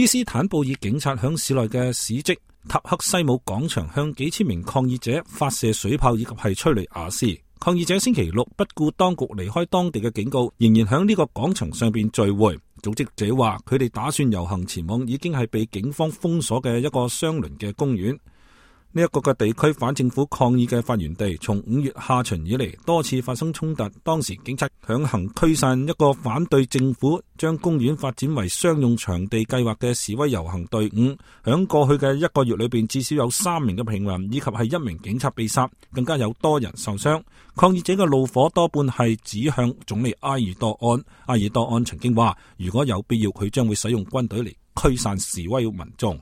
伊斯坦布爾警察響市內嘅市跡塔克西姆廣場向幾千名抗議者發射水炮以及係催淚瓦斯。抗議者星期六不顧當局離開當地嘅警告，仍然響呢個廣場上邊聚會。組織者話佢哋打算遊行前往已經係被警方封鎖嘅一個相鄰嘅公園。呢一個嘅地區反政府抗議嘅發源地，從五月下旬以嚟多次發生衝突。當時警察強行驅散一個反對政府將公園發展為商用場地計劃嘅示威遊行隊伍。喺過去嘅一個月裏邊，至少有三名嘅平民以及係一名警察被殺，更加有多人受傷。抗議者嘅怒火多半係指向總理埃爾多安。埃爾多安曾經話，如果有必要，佢將會使用軍隊嚟驅散示威民眾。